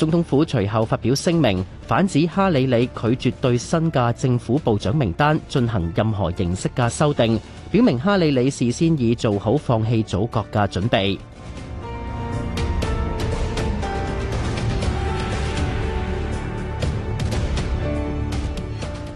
總統府隨後發表聲明，反指哈里里拒絕對新嘅政府部長名單進行任何形式嘅修訂，表明哈里里事先已做好放棄組閣嘅準備。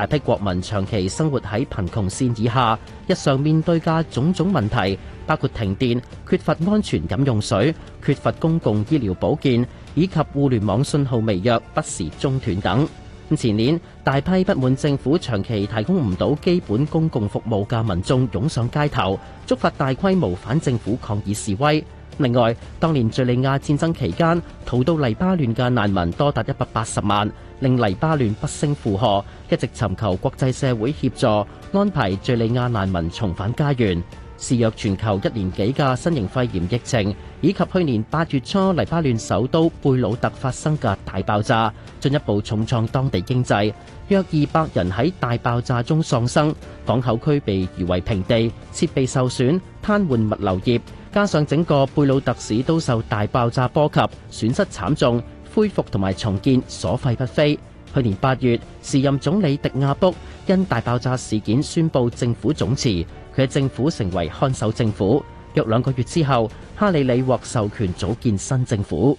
大批國民長期生活喺貧窮線以下，日常面對嘅種種問題，包括停電、缺乏安全飲用水、缺乏公共醫療保健，以及互聯網信號微弱，不時中斷等。前年，大批不滿政府長期提供唔到基本公共服務嘅民眾湧上街頭，觸發大規模反政府抗議示威。另外，當年敍利亞戰爭期間逃到黎巴嫩嘅難民多達180萬，令黎巴嫩不勝負荷，一直尋求國際社會協助安排敘利亞難民重返家園。肆虐全球一年幾嘅新型肺炎疫情，以及去年八月初黎巴嫩首都貝魯特發生嘅大爆炸，進一步重創當地經濟。約二百人喺大爆炸中喪生，港口區被夷為平地，設備受損，癱瘓物流業。加上整個貝魯特市都受大爆炸波及，損失慘重。恢復同埋重建所費不菲。去年八月，時任總理迪亞卜因大爆炸事件宣布政府總辭，佢嘅政府成為看守政府。約兩個月之後，哈里里獲授權組建新政府。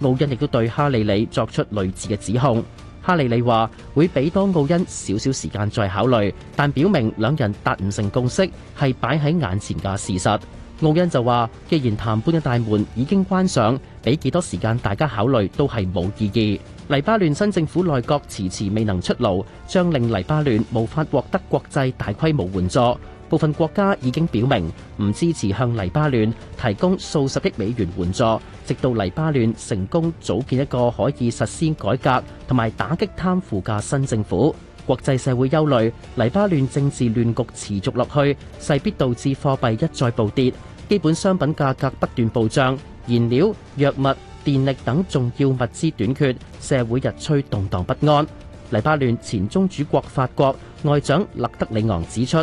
奧恩亦都對哈里里作出類似嘅指控。哈里里話會俾多奧恩少少時間再考慮，但表明兩人達唔成共識係擺喺眼前嘅事實。奧恩就話，既然談判嘅大門已經關上，俾幾多時間大家考慮都係冇意義。黎巴嫩新政府內閣遲遲遲未能出爐，將令黎巴嫩無法獲得國際大規模援助。部分國家已經表明唔支持向黎巴嫩提供數十億美元援助，直到黎巴嫩成功組建一個可以實施改革同埋打擊貪腐嘅新政府。國際社會憂慮，黎巴嫩政治亂局持續落去，勢必導致貨幣一再暴跌，基本商品價格不斷暴漲，燃料、藥物、電力等重要物資短缺，社會日趨動盪不安。黎巴嫩前宗主國法國外長勒德里昂指出。